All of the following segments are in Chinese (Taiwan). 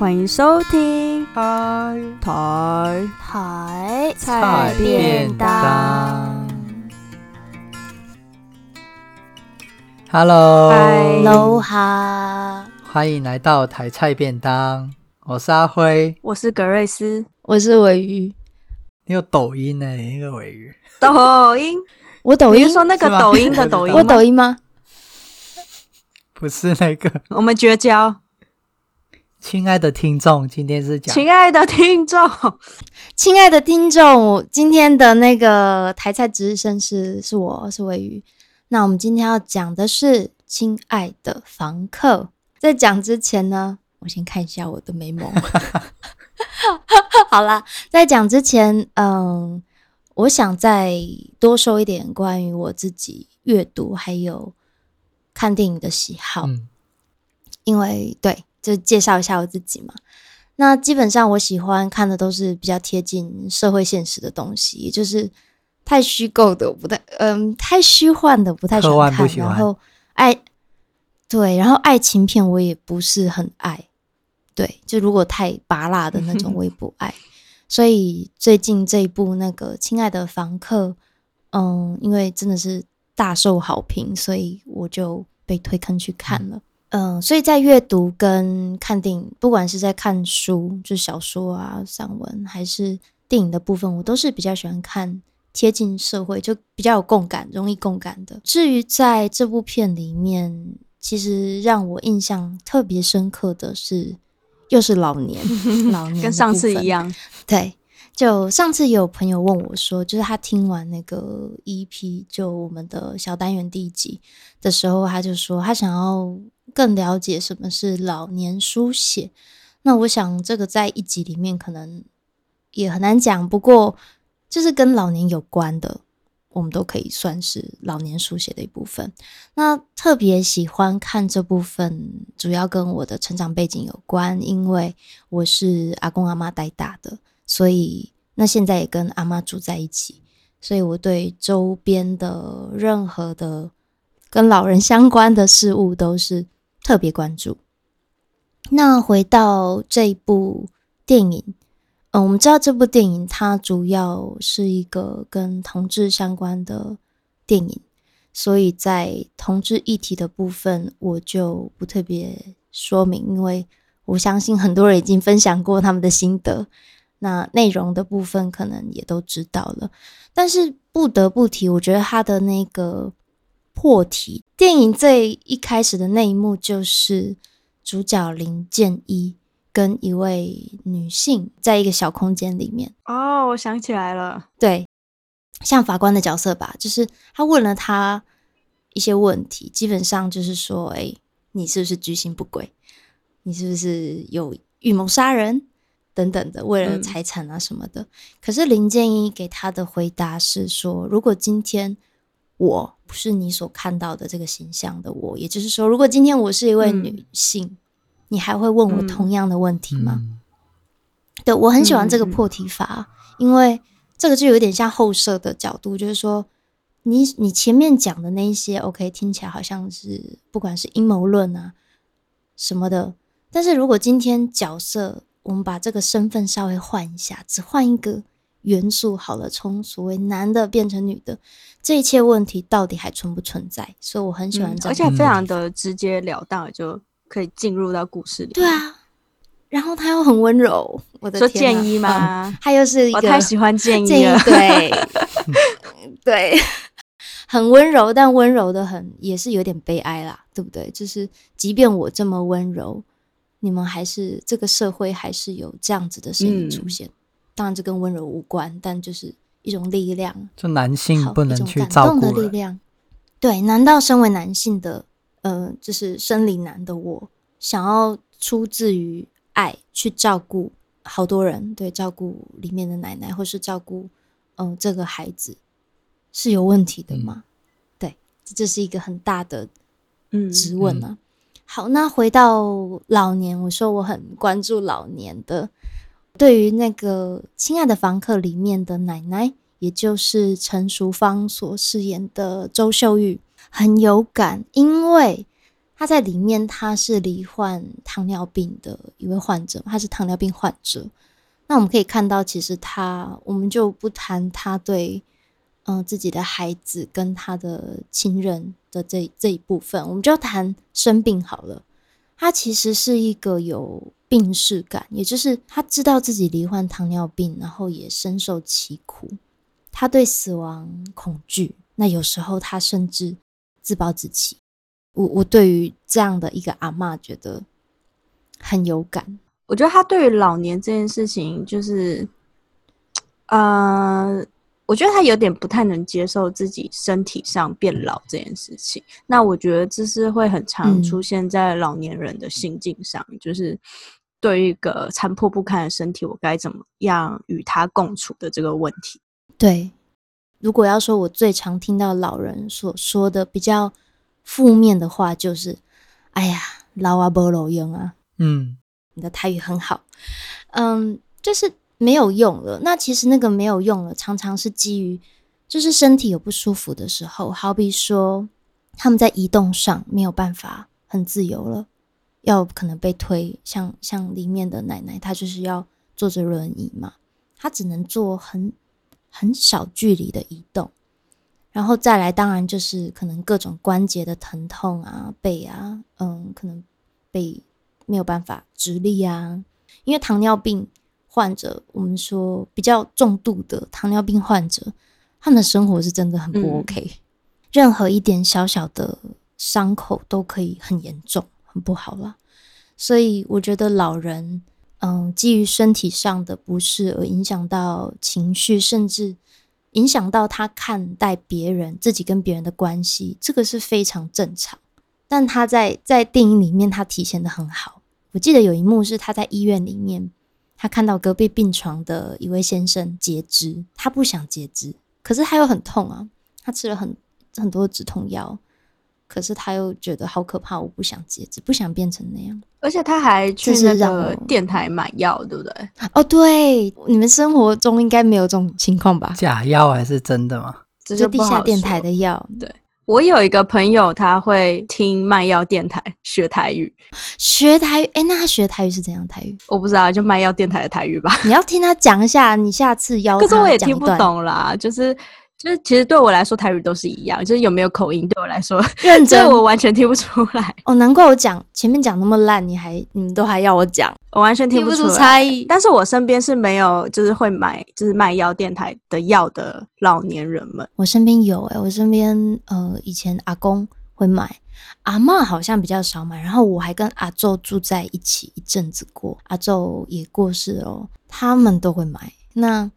歡迎收聽台台，台菜便當。便當 Hello，Hello，歡迎來到台菜便當。我是阿輝，我是葛瑞斯，我是鮪魚。你有抖音呢，那個鮪魚？抖音？ 我抖音你說那個抖音嗎的抖音， 我抖音嗎？ 不是那個，我們絕交。親愛的聽眾，今天是講親愛的聽眾，親愛的聽眾， 今天的那個抬菜值日生是是我是鮪魚。那我們今天要講的是《親愛的房客》。在講之前呢，我先看一下我的眉毛。 好啦，在講之前，嗯，我想再多說一點關於我自己閱讀還有看電影的喜好，嗯、因為。對。就介紹一下我自己嘛。那基本上我喜歡看的都是比較貼近社會現實的東西，就是太虛構的我不太嗯，太虛幻的不太喜歡看。科幻不喜歡。然後愛，對，然後愛情片我也不是很愛，對，就如果太拔辣的那種我也不愛。 所以最近這一部那個《親愛的房客》，嗯，因為真的是大受好評，所以我就被推坑去看了。嗯嗯、呃，所以在閱讀跟看電影，不管是在看書，就小說啊、散文，還是電影的部分，我都是比較喜歡看貼近社會，就比較有共感、容易共感的。至於在這部片裡面，其實讓我印象特別深刻的是，又是老年，老年 跟上次一樣。對，就上次有朋友問我說，就是他聽完那個 EP，就我們的小單元第一集的時候，他就說他想要。更了解什麼是老年書寫，那我想這個在一集裡面可能也很難講。不過，就是跟老年有關的，我們都可以算是老年書寫的一部分。那特別喜歡看這部分，主要跟我的成長背景有關，因為我是阿公阿媽帶大的，所以那現在也跟阿媽住在一起，所以我對於周邊的任何的跟老人相關的事物都是。特別關注。那回到這部電影，嗯，我們知道這部電影它主要是一個跟同志相關的電影，所以在同志議題的部分我就不特別說明，因為我相信很多人已經分享過他們的心得。那內容的部分可能也都知道了，但是不得不提，我覺得他的那個。破題，電影最一開始的那一幕就是主角林建一跟一位女性在一個小空間裡面。哦，我想起來了，對，像法官的角色吧，就是他問了他一些問題，基本上就是說，誒、欸，你是不是居心不軌？你是不是有預謀殺人等等的，為了財產啊什麼的？嗯、可是林建一給他的回答是說，如果今天。我不是你所看到的這個形象的我，也就是說，如果今天我是一位女性，嗯、你還會問我同樣的問題嗎？嗯嗯、對，我很喜歡這個破題法，嗯、因為這個就有點像後設的角度，就是說你，你你前面講的那一些 OK 聽起來好像是不管是陰謀論啊什麼的，但是如果今天角色我們把這個身份稍微換一下，只換一個。元素好了，從所謂男的變成女的，這一切問題到底還存不存在？所以我很喜歡這樣問題，嗯，而且非常的直截了當，嗯、就可以進入到故事裡。對啊，然後他又很溫柔，我的天健一嗎，嗯？他又是一個我太喜歡健一了，對，很溫柔，但溫柔的很也是有點悲哀啦，對不對？就是即便我這麼溫柔，你們還是這個社會還是有這樣子的聲音出現。嗯當然這跟溫柔無關，但就是一種力量。就男性不能去照顧人。一種感動的力量。對，難道身為男性的，呃，就是生理男的我，想要出自於愛去照顧好多人，對，照顧裡面的奶奶，或是照顧，嗯、呃，這個孩子，是有問題的嗎？嗯、對，這是一個很大的、啊，嗯，質問啊。好，那回到老年，我說我很關注老年的。對於那個《親愛的房客》裡面的奶奶，也就是陳淑芳所飾演的周秀玉，很有感，因為她在裡面她是罹患糖尿病的一位患者，她是糖尿病患者。那我們可以看到，其實她，我們就不談她對嗯、呃、自己的孩子跟她的親人的這這一部分，我們就談生病好了。她其實是一個有病識感，也就是他知道自己罹患糖尿病，然後也深受其苦。他對死亡恐懼，那有時候他甚至自暴自棄。我我對於這樣的一個阿嬤，覺得很有感。我覺得他對於老年這件事情，就是，呃，我覺得他有點不太能接受自己身體上變老這件事情。那我覺得這是會很常出現在老年人的心境上，嗯、就是。對於一個殘破不堪的身體，我該怎麼樣與他共處的這個問題？對，如果要說我最常聽到老人所說的比較負面的話，就是“哎呀，老啊，無路用啊。”嗯，你的台語很好，嗯，就是沒有用了。那其實那個沒有用了，常常是基於就是身體有不舒服的時候，好比說他們在移動上沒有辦法很自由了。要可能被推，像像裡面的奶奶，她就是要坐着輪椅嘛，她只能做很很小距離的移動。然後再來，當然就是可能各種關節的疼痛啊，背啊，嗯，可能被沒有辦法直立啊。因為糖尿病患者，我們說比較重度的糖尿病患者，他們的生活是真的很不 OK。嗯。任何一點小小的傷口都可以很嚴重。很不好了，所以我覺得老人，嗯，基於身體上的不適而影響到情緒，甚至影響到他看待別人、自己跟別人的關係，這個是非常正常。但他在在電影裡面他體現得很好。我記得有一幕是他在醫院裡面，他看到隔壁病床的一位先生截肢，他不想截肢，可是他又很痛啊，他吃了很很多止痛藥。可是他又覺得好可怕，我不想截肢，不想變成那樣。而且他還去那個電台買藥，對不對？哦，對，你們生活中應該沒有這種情況吧？假藥還是真的嗎？就是地下電台的藥。對，我有一個朋友，他會聽賣藥電台學台語，學台語。誒、欸、那他學台語是怎樣台語？我不知道，就賣藥電台的台語吧。你要聽他講一下，你下次要。可是我也聽不懂啦，就是。就是其實對我來說，台語都是一樣，就是有沒有口音，對我來說，認真 我完全聽不出來。哦，難怪我講前面講那麼爛，你還你們都還要我講，我完全聽不出來。聽不出差異。但是，我身邊是沒有就是會買就是賣藥電台的藥的老年人們。我身邊有誒、欸、我身邊呃，以前阿公會買，阿嬤好像比較少買。然後我還跟阿祖住在一起一陣子過，阿祖也過世了、喔，他們都會買。那。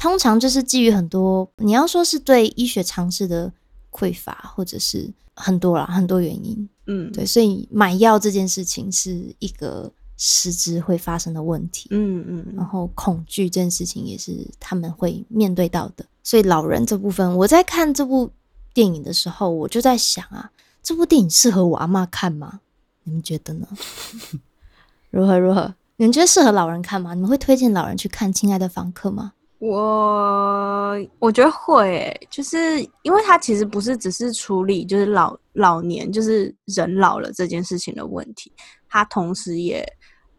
通常就是基於很多你要說是對醫學常識的匱乏，或者是很多啦很多原因，嗯，對，所以買藥這件事情是一個實質會發生的問題，嗯，嗯嗯，然後恐懼這件事情也是他們會面對到的。所以老人這部分，我在看這部電影的時候，我就在想啊，這部電影適合我阿嬤看嗎？你們覺得呢？ 如何如何？你們覺得適合老人看嗎？你們會推薦老人去看《親愛的房客》嗎？我我覺得會、欸，就是因為他其實不是只是處理就是老老年就是人老了這件事情的問題，他同時也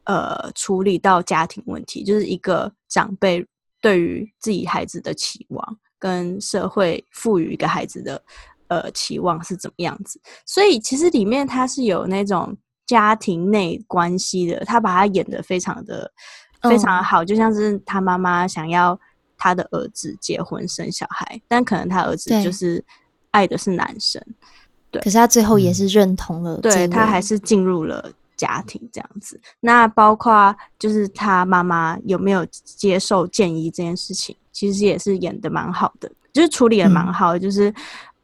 呃處理到家庭問題，就是一個長輩對於自己孩子的期望跟社會賦予一個孩子的呃期望是怎麼樣子，所以其實裡面他是有那種家庭內關係的，他把他演得非常的、嗯、非常好，就像是他媽媽想要。他的兒子結婚生小孩，但可能他兒子就是愛的是男生，對。對，可是他最後也是認同了、嗯，對他還是進入了家庭這樣子。那包括就是他媽媽有沒有接受健一這件事情，嗯、其實也是演的蠻好的，就是處理也蠻好的。嗯、就是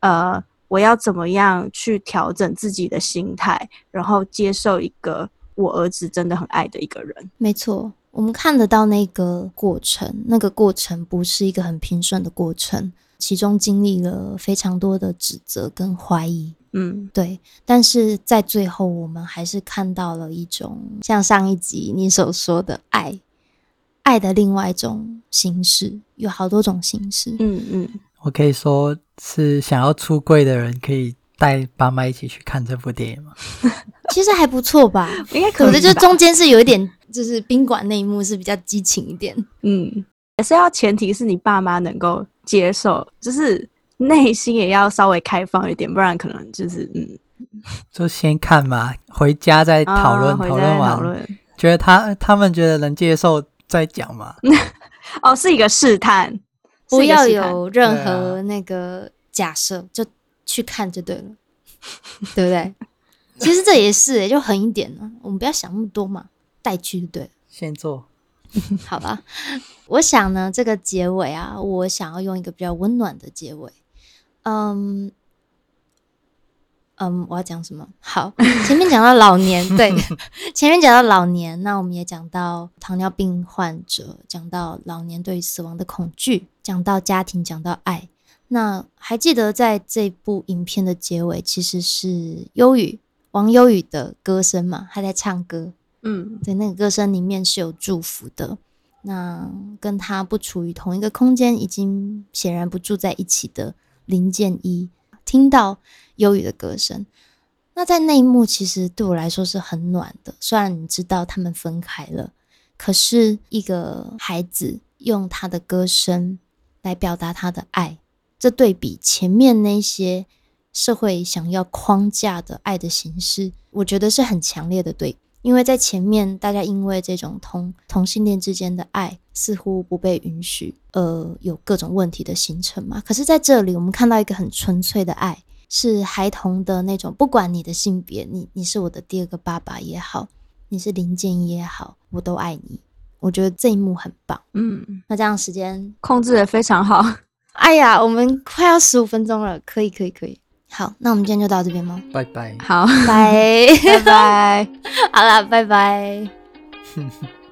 呃，我要怎麼樣去調整自己的心態，然後接受一個我兒子真的很愛的一個人。沒錯。我們看得到那個過程，那個過程不是一個很平順的過程，其中經歷了非常多的指責跟懷疑，嗯，對，但是在最後，我們還是看到了一種像上一集你所說的愛，愛的另外一種形式，有好多種形式，嗯嗯，嗯，我可以說是想要出櫃的人可以帶爸媽一起去看這部電影嗎？ 其實還不錯吧， 應該可、可能就中間是有一點，就是賓館那一幕是比較激情一點。嗯，還是要前提是你爸媽能夠接受，就是內心也要稍微開放一點，不然可能就是嗯，就先看嘛，回家再討論，討論完覺得他他們覺得能接受再講嘛。 哦，是一個試探，是一個試探，不要有任何那個假設、啊、就。去看就對了， 對不對？其實這也是、欸，就狠一點了。我們不要想那麼多嘛，帶去就對了。先做 坐， 好吧？我想呢，這個結尾啊，我想要用一個比較溫暖的結尾。嗯嗯，我要講什麼？好，前面講到老年， 對，前面講到老年，那我們也講到糖尿病患者，講到老年對於死亡的恐懼，講到家庭，講到愛。那還記得在這部影片的結尾，其實是悠宇王悠宇的歌聲嘛？他在唱歌，嗯，在那個歌聲裡面是有祝福的。那跟他不處於同一個空間，已經顯然不住在一起的林健一聽到悠宇的歌聲，那在那一幕其實對我來說是很暖的。雖然你知道他們分開了，可是一個孩子用他的歌聲來表達他的愛。這對比前面那些社會想要框架的愛的形式，我覺得是很強烈的對比。因為在前面，大家因為這種同同性戀之間的愛似乎不被允許，呃，有各種問題的形成嘛。可是在這裡，我們看到一個很純粹的愛，是孩童的那種，不管你的性別，你你是我的第二個爸爸也好，你是林健一也好，我都愛你。我覺得這一幕很棒。嗯，那這樣時間控制得非常好。哎呀，我們快要十五分鐘了，可以，可以，可以。好，那我們今天就到這邊嗎？拜拜 bye。好，拜拜。拜。好啦，拜拜。